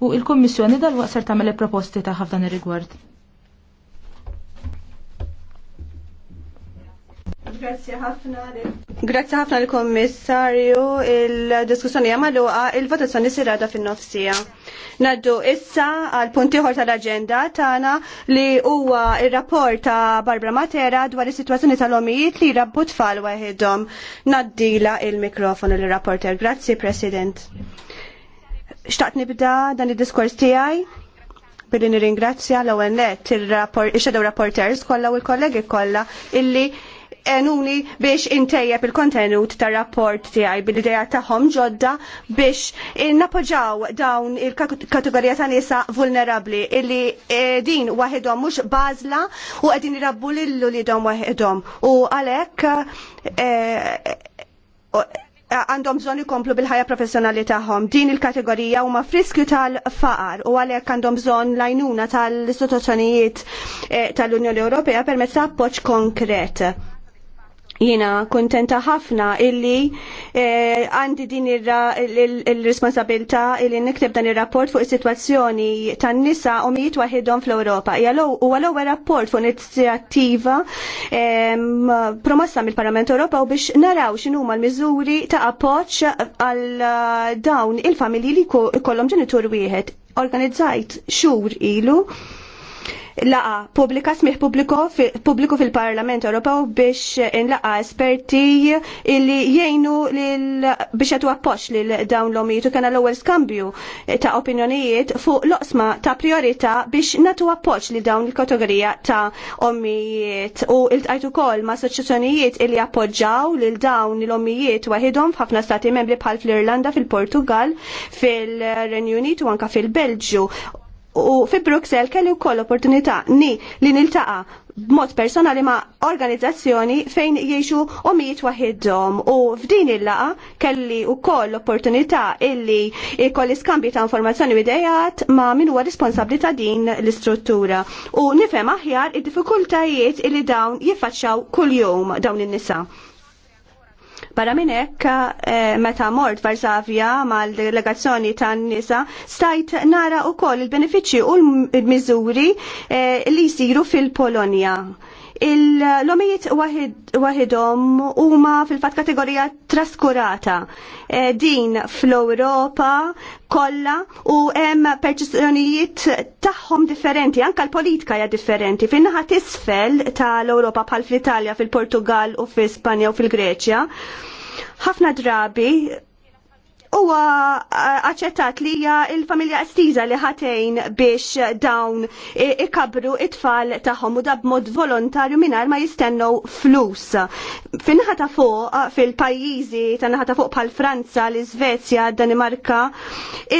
u il-Kommissjoni dal waqsar ser tagħmel proposti ta' ħafna ir-rigward. Grazie ħafna l-Kommissarju, il-diskussjoni magħluqa il-votazzjoni sirada fin-nofsija. Naddu issa għal puntiħor tal-agenda tagħna li huwa ir-rapport ta' Barbara Matera dwar is-sitwazzjoni tal-omijiet li rabbu tfal waħedhom. Naddila il mikrofon il rapporter Grazzi, President. Xtaqt nibda dan id-diskors tiegħi billi nirringrazzja l-ewwel il-shadow rapporters kollha u l-kollegi kollha illi enuni biex intejjeb il-kontenut tar rapport tiegħi bil dejja tagħhom ġodda biex nappoġġaw dawn il-kategorija ta' nisa vulnerabbli illi e, din waħedhom mhux bażla u qegħdin irabbu li lidhom waħedhom u għalhekk e, għandhom bżonn ikomplu bil-ħajja professjonali tagħhom. Din il-kategorija huma friskju tal-faqar u għalhekk għandhom bżonn lajnuna tal-istituzzjonijiet eh, tal-Unjoni Ewropea permezz ta' appoġġ konkret jina kontenta ħafna illi eh, għandi din il-responsabilta illi nikteb dan il-rapport fuq is situazzjoni tan nisa u mijiet waħidhom fl-Europa. U għal-ewwel rapport fuq inizjattiva ehm, promossa mill-Parlament Ewropa u biex naraw x'inhu huma l-miżuri ta' appoġġ għal eh, dawn il-familji li jkollhom ġenitur wieħed. Organizzajt xhur ilu laqa pubblika smih pubbliku fil-Parlament Ewropew biex inlaqa esperti illi jgħinu biex jagħtu appoġġ lil dawn l-omijiet u kena l-ewwel skambju ta' opinjonijiet fuq loqsma ta' priorità biex nagħtu appoġġ li dawn il-kategorija ta' omijiet u iltqajt ukoll ma' assoċjazzjonijiet illi appoġġaw lil dawn l-omijiet waħidhom f'ħafna stati membri bħal fl-Irlanda, fil-Portugal, fil-Renju Unit u anka fil-Belġju u fi Bruxelles kelli wkoll opportunità ni li niltaqa b'mod personali ma' organizzazzjoni fejn jiexu u mijiet waħidhom u f'din il-laqa kelli wkoll opportunità illi ikolli skambju ta' informazzjoni bidejat ma' min huwa responsabbli ta' din l-istruttura u nifhem aħjar id-diffikultajiet illi dawn jiffaċċaw kuljum dawn in-nisa. Barra minn hekk eh, meta mort Varsavia mal-delegazzjoni tan-nisa stajt nara wkoll il-benefiċċji u l-miżuri eh, li jsiru fil-Polonja il omijiet wahidhom huma fil fat kategorija traskurata eh, din fl-Ewropa kollha u hemm perċessjonijiet tagħhom differenti, anke l-politika hija differenti. Fin-naħa tisfel tal-Ewropa bħal fl-Italja, fil-Portugal u fl-Ispanja u fil-Greċja, ħafna drabi huwa eh, aċċettat li hija l-familja estiża li ħatejn biex dawn ikabru it-tfal tagħhom u da b'mod volontarju mingħajr ma jistennew flus. Finħa ta' fuq fil-pajjiżi tan-naħa ta' fuq bħal Franza, l-Iżvezja, Danimarka,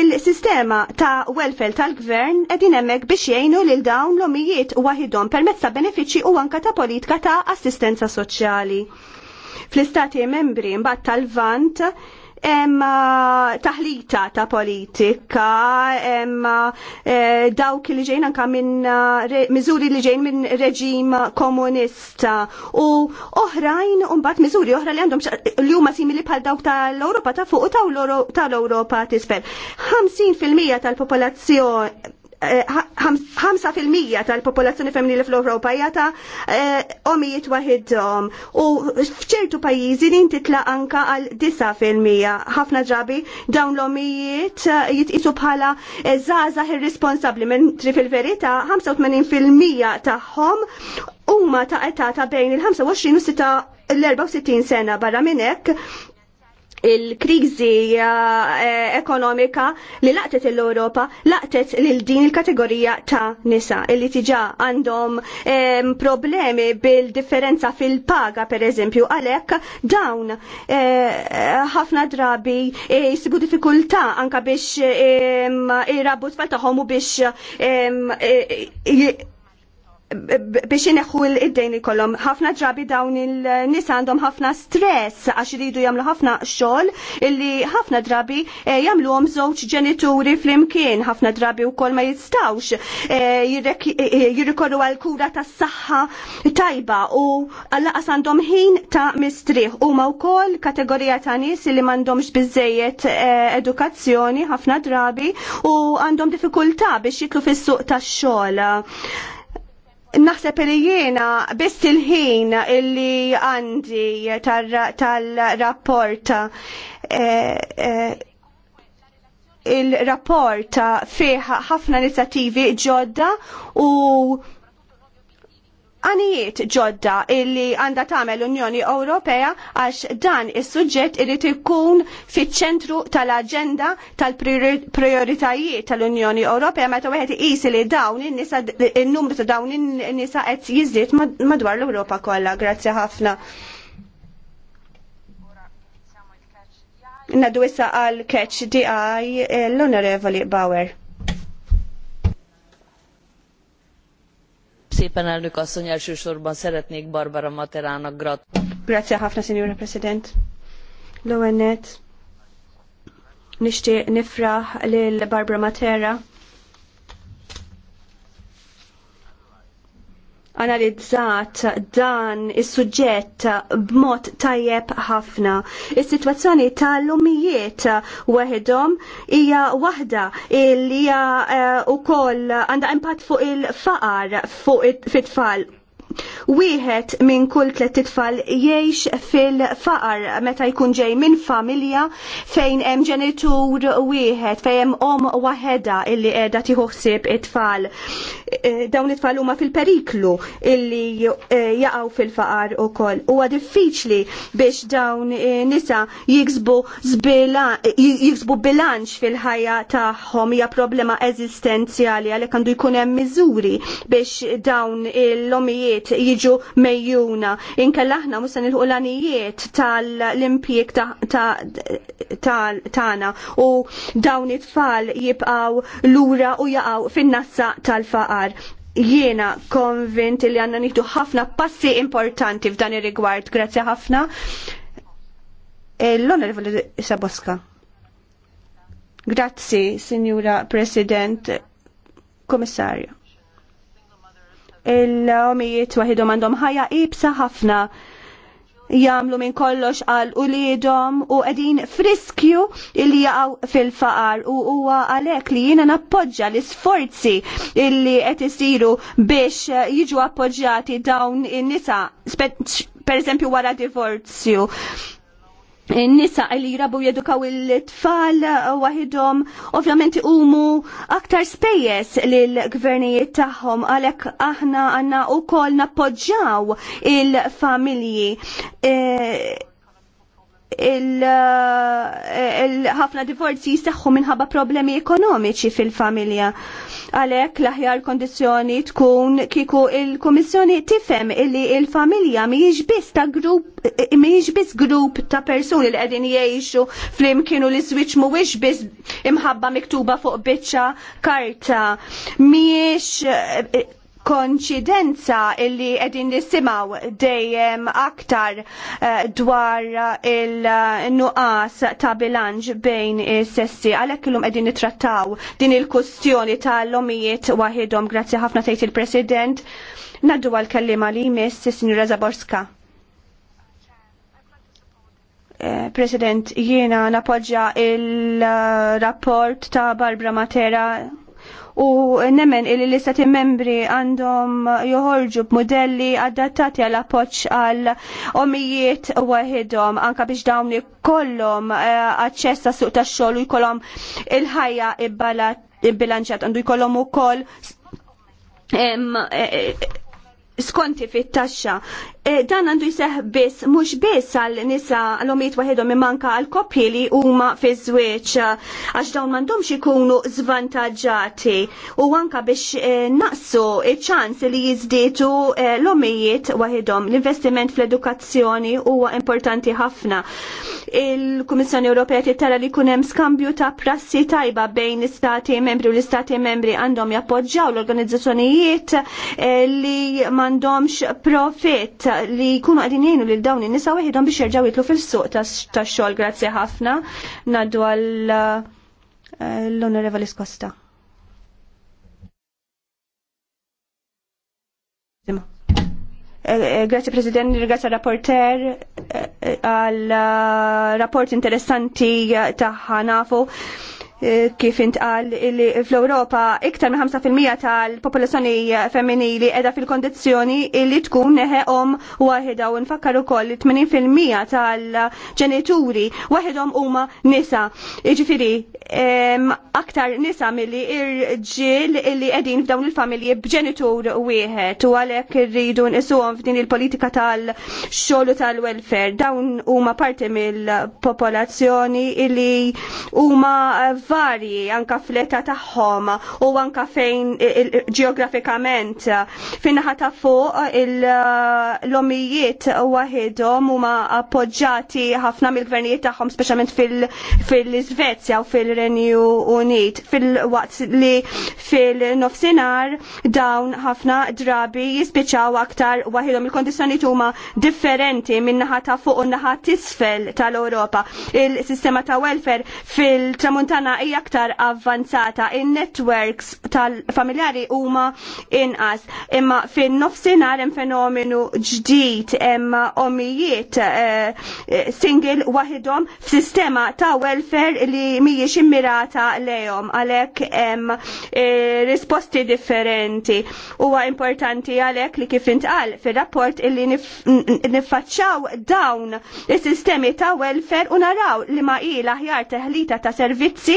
il-sistema ta' welfare tal-gvern qegħdin hemmhekk biex jgħinu lil dawn l-omijiet waħidhom permezz ta' benefiċċji u anka ta' politika ta' assistenza soċjali. Fl-istati membri mbagħad tal-Vant emma eh, taħlita ta' politika, hemm eh, dawk li ġejn anka minn eh, miżuri li ġejn minn reġim komunista u oħrajn mbagħad miżuri oħra li għandhom li huma simili bħal dawk tal-Ewropa ta' fuq u tal-Ewropa tisfel. 50 ewropa tisfel. 50% tal-popolazzjoni 5% tal-popolazzjoni femminili fl-Ewropa jata eh, omijiet waħidhom u f'ċertu pajjiżi nintitla' titla anka għal 9%. Ħafna ġabi dawn l-omijiet eh, jitqisu bħala żgħażagħ eh, irresponsabbli mentri fil-verità 85% tagħhom huma ta' età ta' bejn il-25 u l-64 sena barra minn hekk il-kriżi eh, ekonomika li laqtet l-Europa laqtet lil din il-kategorija ta' nisa illi tiġa għandhom problemi bil-differenza fil-paga per eżempju għalek dawn eh, ħafna drabi eh, jisibu diffikultà anka biex irabu tfal taħom u biex biex ineħħu id-dejn ikollhom ħafna ġrabi dawn il-nies għandhom ħafna stress għax iridu jagħmlu ħafna xogħol illi ħafna drabi eh, jagħmluhom żewġ ġenituri flimkien, ħafna drabi wkoll ma jistawx eh, eh, jirrikorru għal kura tas-saħħa tajba u laqas għandhom ħin ta' mistrieħ huma wkoll kategorija ta' nies li m'għandhomx biżejjed edukazzjoni ħafna drabi u għandhom diffikultà biex jitlu fis-suq tax-xogħol Naħseb li jiena biss il-ħin illi għandi tal-rapport eh, eh, il-rapport fih ħafna inizjattivi ġodda u għanijiet ġodda illi għanda tagħmel l-Unjoni Ewropea għax dan is-suġġett irid ikun fiċ-ċentru tal-aġenda tal-prioritajiet tal-Unjoni Ewropea meta wieħed iqis li dawn in-nisa in-numru ta' dawn in-nisa qed jiżdied madwar l-Ewropa kollha. Grazzi ħafna. Nadu issa għal catch DI l-Onorevoli Bauer. szépen, elnök Barbara Grazie ħafna, Signora President. l nishtiq nifraħ lil Barbara Matera analizzat dan is-suġġett b'mod tajjeb ħafna. Is-sitwazzjoni tal-lumijiet waħedhom hija waħda li hija wkoll eh, għandha impatt fuq il-faqar fuq it-tfal Wieħed minn kull tliet tfal jgħix fil-faqar meta jkun ġej minn familja fejn hemm ġenitur wieħed fejn hemm om waħedha illi qiegħda tieħu ħsieb it-tfal. Eh, dawn it-tfal huma fil-periklu illi eh, jaqgħu fil-faqar ukoll. Huwa diffiċli biex dawn eh, nisa jiksbu jiksbu bilanċ fil-ħajja tagħhom hija problema eżistenzjali għalhekk għandu jkun hemm miżuri biex dawn l-omijiet jiġu mejjuna. Inkella aħna mhux se nilħu l-anijiet tal-impjieg tagħna u dawn it-tfal jibqgħu lura u jaqgħu fin-nassa tal-faqar aħjar jiena konvint li għanna nitu ħafna passi importanti f'dan ir-rigward. Grazzi ħafna. E, l-onorevole Saboska. Grazzi, Signora President, Komissarju. Il-omijiet waħidhom għandhom ħajja ibsa ħafna jamlu minn kollox għal u lidom u għedin friskju illi jaqaw fil-faqar u huwa għalek li jina nappoġġa l-sforzi illi qed isiru biex jiġu appoġġjati dawn in-nisa per eżempju wara divorzju nisa li jrabu jedukaw il-tfal wahidom, ovvjament umu aktar spejjes lil gvernijiet tagħhom għalhekk aħna għandna wkoll nappoġġjaw il-familji e, e il-ħafna il divorzi jistaxħu minħabba problemi ekonomiċi fil-familja. Għalhekk l-aħjar kondizzjoni tkun kieku il-Kummissjoni tifhem illi il-familja mhijiex biss ta' grupp mhijiex biss grupp ta' persuni li qegħdin jgħixu flimkien u mhuwiex biss imħabba miktuba fuq biċċa karta mhijiex konċidenza illi edin nisimaw dejjem aktar eh, dwar il-nuqas ta' bilanġ bejn is-sessi għalhekk illum qegħdin nittrattaw din il-kustjoni tal-lomijiet waħidhom grazzi ħafna tgħid il-President. Naddu għal-kellima li jmiss Signora Zaborska. Eh, President, jiena napoġġa il-rapport ta' Barbara Matera u nemmen il l-istati membri għandhom joħorġu b'modelli adattati għal appoġġ għal omijiet waħedhom anka biex dawn jkollhom eh, aċċess ta' suq tax-xogħol u jkollhom il-ħajja bilanċat għandu jkollhom ukoll eh, eh, skonti fit-taxxa Eh, dan għandu jseħ biss, mux biss għal nisa l-omiet waħedhom manka għal koppji li huma fi żwieġ eh, għax dawn m'għandhomx ikunu zvantagġati u anka biex eh, naqsu ċ-ċans li jiżdietu l omiet waħedhom. L-investiment fl-edukazzjoni huwa importanti ħafna. Il-Kummissjoni Ewropea tittara li jkun hemm skambju ta' prassi tajba bejn l-istati membri u l-istati membri għandhom jappoġġaw l-organizzazzjonijiet li m'għandhomx profit li jkunu għadin jgħinu lil dawn in-nisa weħidhom biex jerġgħu jitlu fis-suq tax-xogħol. Grazzi ħafna. Ngħaddu għal eh, l-Onorevoli Skosta. Eh, eh, grazie President, grazie rapporter al rapport interessanti ta' nafu. Eh, kif intqal li fl-Ewropa iktar minn 5% tal-popolazzjoni femminili edha fil-kondizzjoni li tkun neħeqhom waħda u nfakkar ukoll 80% tal-ġenituri waħedhom huma nisa. Jiġifieri aktar nisa milli irġiel li qegħdin f'dawn il-familji b'ġenitur wieħed u għalhekk irridu nqisuhom f'din il-politika tal-xogħol tal-welfare. Dawn huma parti mill-popolazzjoni li huma varji anka fl-età tagħhom u anka fejn ġeografikament fin-naħa ta' fuq eh, l-omijiet waħedhom huma appoġġati ħafna mill-gvernijiet tagħhom speċjalment fil svezja u fil-Renju Unit fil-waqt li fil-nofsinhar dawn ħafna drabi jispiċċaw aktar waħedhom il-kondizzjonijiet huma differenti min-naħa ta' fuq u naħa tisfel tal-Ewropa. Il-sistema ta' welfare fil-tramuntana hija aktar avvanzata, in-networks tal-familjari huma inqas. Imma fin-nofsinhar hemm fenomenu ġdid hemm omijiet eh, single waħidhom f'sistema ta' welfare li mhijiex immirata lejhom għalhekk hemm eh, risposti differenti. Huwa importanti għalhekk li kif intqal fir-rapport illi niffaċċaw dawn is-sistemi ta' welfare u naraw li ma' il aħjar teħlita ta' servizzi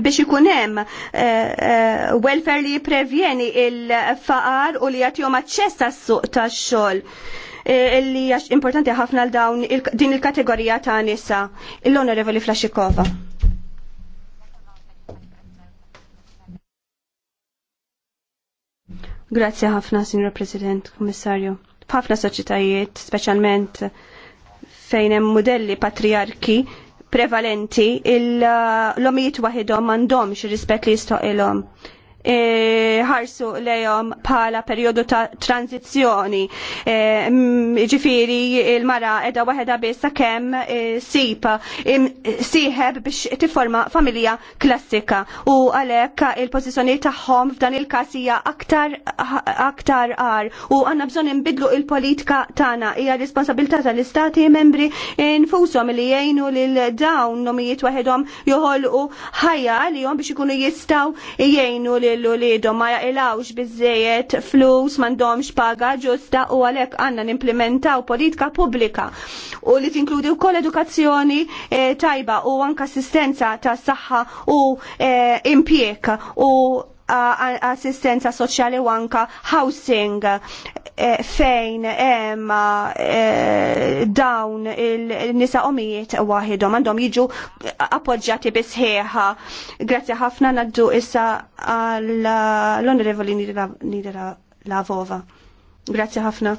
biex ikun hemm eh, eh, welfare li jipprevjeni il-faqar u li jagħtihom aċċess għas-suq tax-xogħol eh, li importanti ħafna l dawn din il-kategorija ta' nisa. Il-Onorevoli Flashikova. Grazie ħafna, Signor President, Kommissarju. F'ħafna soċitajiet speċjalment fejn hemm modelli patriarki, prevalenti uh, l-omijiet wahidom m'għandhomx ir-rispett li jistoqilhom. E, ħarsu lejom bħala perjodu ta' tranzizzjoni. E, ġifiri il-mara edha waħedha biss sakemm sib e, sieħeb biex tifforma familja klassika u għalhekk il pozizjoni tagħhom f'dan il-każ hija aktar aktar ar u għandna bżonn imbidlu il-politika tagħna hija responsabilità tal-istati membri nfushom li jgħinu lil dawn nomijiet waħedhom joħolqu ħajja jom biex ikunu jistgħu jgħinu li jgħidillu li jidhom ma jaqilawx biżejjed flus m'għandhomx paga ġusta u għalhekk għandna nimplementaw politika pubblika u li tinkludi wkoll edukazzjoni e, tajba u anke assistenza tas saħħa u e, impjek u assistenza soċjali u anka housing Eh, fejn hemm eh, eh, dawn il-nisa omijiet waħedhom għandhom jiġu appoġġjati bisħieħa. Grazzi ħafna naddu issa għall onorevoli Nidra Lavova. Grazzi ħafna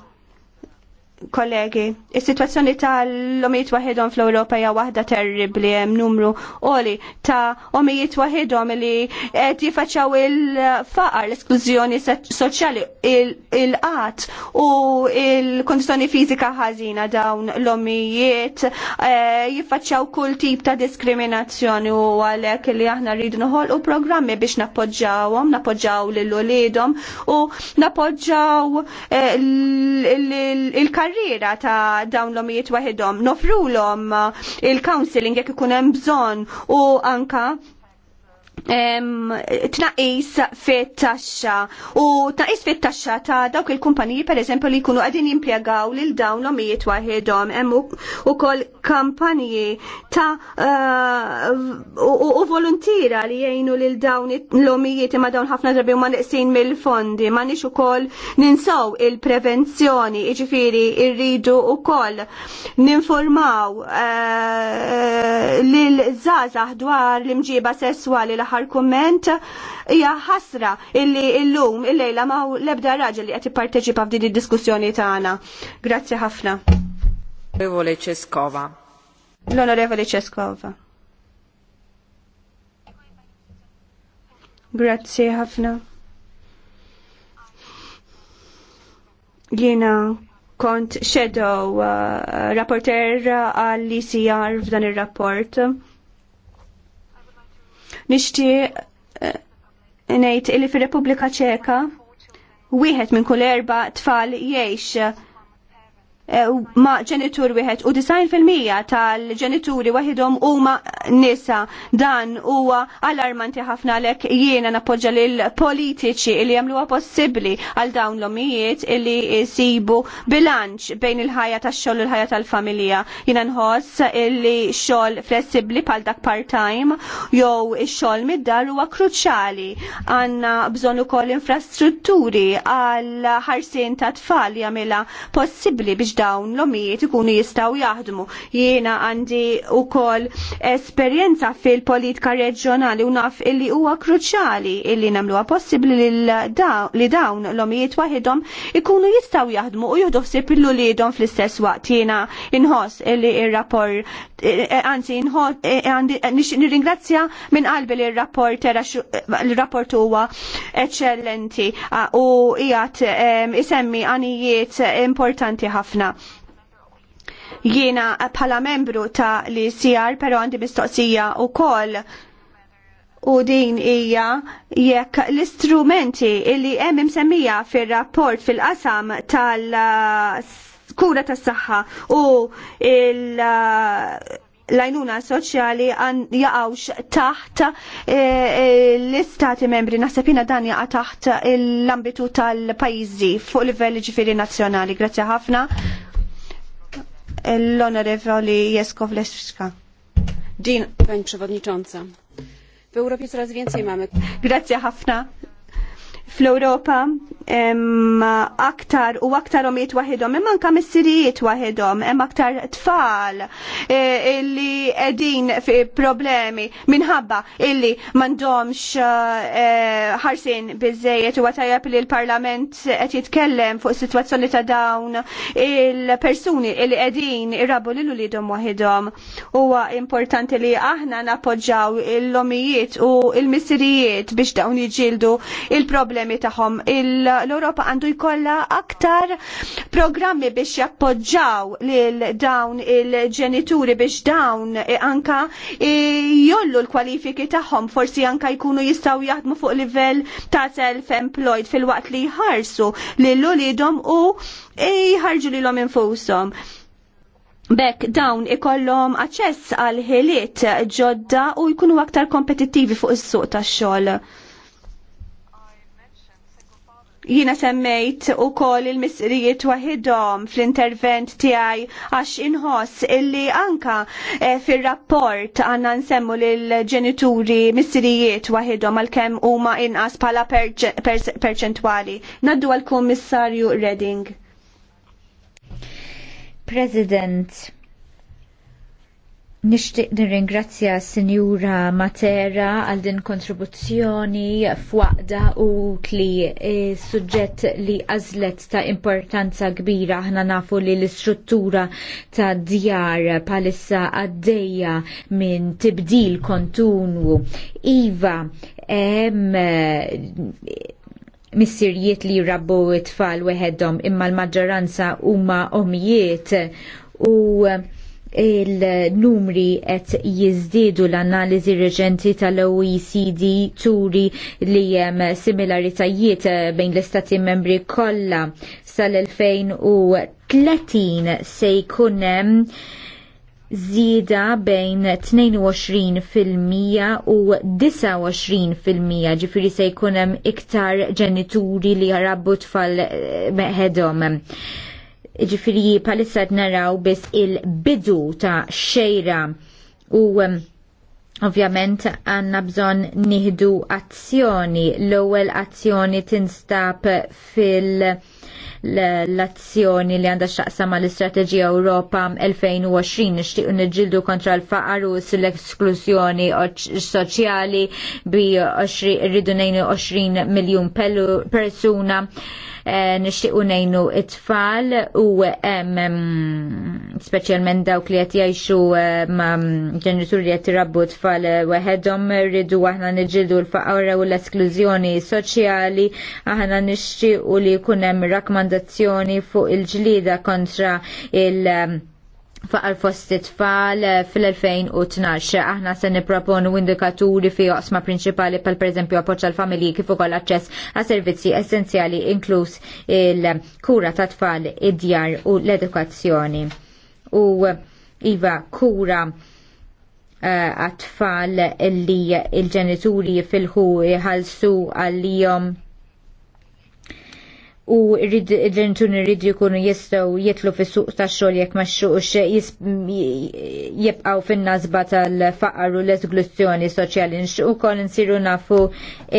kollegi, is-sitwazzjoni tal-omijiet waħedhom fl-Ewropa hija waħda terribli hemm numru oli ta' omijiet waħedhom li qed jifaċċaw il-faqar, l-esklużjoni soċjali, il qat u il-kondizzjoni fiżika ħażina dawn l-omijiet eh, jiffaċċaw kull tip ta' diskriminazzjoni u għalhekk li aħna rridu u programmi biex nappoġġawhom, nappoġġaw lil uliedhom u nappoġġaw eh, il karriera ta' dawn l-omijiet waħedhom, nofrulhom uh, il-counseling jekk ikun hemm bżonn u anka tnaqis fit-taxxa u tnaqis fit-taxxa ta' dawk il-kumpaniji pereżempju li jkunu qegħdin jimpjegaw lil dawn l-omijiet waħedhom hemm ukoll kampanji ta' eh, u volontira li jgħinu lil dawn l-omijiet imma dawn ħafna drabi ma neqsin mill-fondi ma nix ukoll ninsaw il-prevenzjoni jiġifieri rridu ukoll ninformaw eh, eh, lil żgħażagħ dwar l-imġiba sesswali l l-aħħar kumment hija ħasra illi llum illejla ma l-ebda raġel li qed ipparteċipa f'din id-diskussjoni tagħna. Grazzi ħafna. Onorevole Ceskova. L-Onorevole Ceskova. Grazzi ħafna. Jiena kont shadow uh, rapporter għall-ICR f'dan ir rapport Nixtieq eh, ngħid li fir-Repubblika Ċeka wieħed minn kull erba' tfal jgħix Eh, ma ġenitur wieħed u 90% tal-ġenituri waħidhom huma nisa dan huwa alarmanti ħafna għalhekk jiena nappoġġa lil politiċi li jagħmluha possibbli għal dawn l-omijiet li jsibu bilanċ bejn il-ħajja tax-xogħol u l-ħajja tal-familja. Jiena nħoss li xogħol flessibbli bħal dak part-time jew ix-xogħol mid-dar huwa kruċjali. Għandna bżonn ukoll infrastrutturi għal ħarsien ta' tfal jagħmilha possibbli biex dawn l-omijiet ikunu jistaw jaħdmu. Jiena għandi kol esperjenza fil-politika reġjonali u naf illi huwa kruċjali illi nagħmluha possibbli li dawn l-omijiet waħedhom ikunu jistaw jaħdmu u jieħdu ħsieb illulidhom fl-istess waqt jiena inħoss illi ir-rapport Eh, eh, anzi eh, nirringrazzja minn qalbi li l-rapporter l-rapport huwa eċċellenti ah, u qiegħed isemmi għanijiet importanti ħafna. Jiena bħala membru ta' li sijar però għandi mistoqsija wkoll u din hija jekk l-istrumenti li hemm imsemmija fir-rapport fil-qasam tal- kura ta' s-saxħa u il- lajnuna soċjali għan jaqawx taħt eh, eh, l-istati membri nasabina dan jaqa taħt l-ambitu tal-pajizi fuq livelli ġifiri nazjonali. Grazie ħafna. L-onorevoli Jeskow Leszka. Din. Pani Przewodnicząca. W Europie coraz więcej mamy. Grazie ħafna fl-Europa aktar u aktar omiet wahidhom, imma anka missirijiet wahidhom, hemm aktar tfal e, illi edin fi problemi minħabba illi m'għandhomx e, ħarsin biżejjed u għatajab li l-Parlament qed jitkellem fuq is-sitwazzjoni ta' dawn il-persuni illi edin irrabu l lidom wahidhom. Huwa importanti li aħna nappoġġaw il-lomijiet u il-missirijiet biex dawn jiġildu il-problemi problemi tagħhom. L-Ewropa għandu jkollha aktar programmi biex jappoġġaw lil dawn il-ġenituri biex dawn anka jollu l-kwalifiki tagħhom forsi anka jkunu jistgħu jaħdmu fuq livell ta' self-employed fil-waqt li jħarsu lil ulidhom u jħarġu lilhom infushom. Bekk dawn ikollhom aċċess għal ħiliet ġodda u jkunu aktar kompetittivi fuq is-suq tax-xogħol. Jina semmejt u kol il-misrijiet wahidom fl-intervent tijaj għax inħoss illi anka eh, fil-rapport għanna nsemmu l-ġenituri misrijiet wahidom għal-kem u ma inqas pala perċentwali. Naddu għal-Kommissarju Redding. President, Nishtiq nirringrazzja Sinjura Matera għal din kontribuzzjoni f'waqda u li e, suġġett li għażlet ta' importanza kbira aħna nafu li l-istruttura ta' djar palissa għaddejja minn tibdil kontunwu. Iva, em, missirjiet li rabbu it-tfal weħedhom imma l-maġġoranza huma omijiet u il-numri qed jizdidu l-analiżi reġenti tal-OECD turi li hemm similaritajiet bejn l-istati membri kollha sal-2030 se jkun hemm zida bejn 22% u 29% ġifiri se jkun hemm iktar ġenituri li jarabbu tfal meħedhom Ġifiri palissa naraw biss il-bidu ta' xejra u um, Ovvjament għanna bżon nieħdu azzjoni. L-ewwel azzjoni tinstab fil- l-azzjoni li għandha xaqsa ma l-Istrateġija Ewropa 2020 nixtiequ niġġieldu kontra l-faqar u l eksklusjoni soċjali bi rridu 20 miljun persuna Eh, nixtiequ ngħinu it-tfal u mm, speċjalment dawk li qed jgħixu eh, ma' mm, ġenituri qed t tfal eh, weħedhom rridu aħna nġildu l faqawra u l-esklużjoni soċjali aħna nixtiequ li jkun hemm rakkomandazzjoni fuq il-ġlida kontra il- mm, faqar fost it-tfal eh, fil-2012. Aħna se niproponu indikaturi fi osma prinċipali pal eżempju appoġġ għal familji kif ukoll aċċess għas servizzi essenzjali inkluż il-kura ta' tfal id-djar u l-edukazzjoni. U iva kura eh, għat-tfal li l ġenituri fil-ħu jħallsu għal-jom u id irridu jkunu jistaw jitlu fis suq ta' xogħol jekk maxxuqx jibqaw fin-nazba tal-faqar u l-esgluzzjoni soċjali nxuq ukoll insiru nafu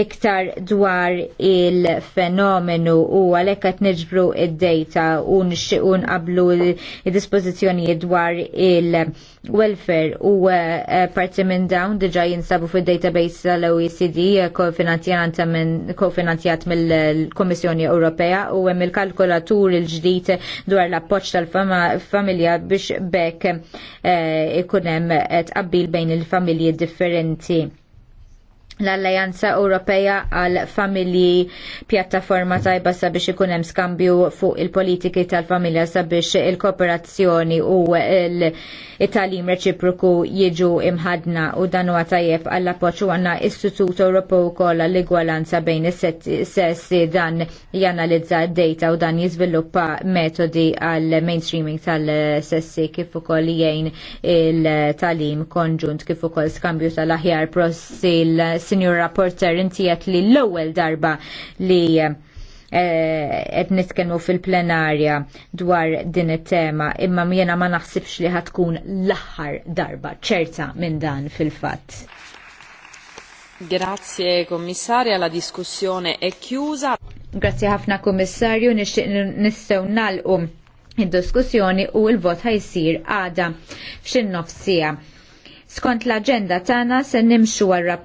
iktar dwar il-fenomenu u għalhekk qed niġbru id-dejta u nxiequ nqablu id-dispożizzjonijiet dwar il-welfare u eh, parti minn dawn diġà jinsabu fid-database tal-OECD eh, kofinanzjat mill kummissjoni Ewropea familja u hemm il-kalkulatur il-ġdid dwar l-appoġġ tal-familja biex bekk eh, ikun hemm qabbil bejn il-familji differenti l-Alleanza Ewropea għal Familji pjattaforma tajba sabiex ikun hemm skambju fuq il-politiki tal-familja sabiex il-kooperazzjoni u l-talim reċiproku jiġu imħadna u dan huwa tajjeb għall appoġġ u għandna Istitut Ewropew ukoll għall-igwalanza bejn is-sessi dan janalizza d-data u dan jiżviluppa metodi għall mainstreaming tal-sessi kif ukoll jgħin il-talim konġunt kif ukoll skambju tal-aħjar prosil Sinjur Rapporter inti li l-ewwel darba li eh, qed nitkellmu fil-plenarja dwar din it-tema imma jiena ma naħsibx li ħatkun l-aħħar darba ċerta minn dan fil-fatt. Grazie Kommissarja, la diskussjoni è chiusa. Grazie ħafna Kommissarju, nistgħu nagħlqu id-diskussjoni u l-vot ħajsir għada f'xin nofsija. Skont l-agenda tagħna se nimxu għal rapport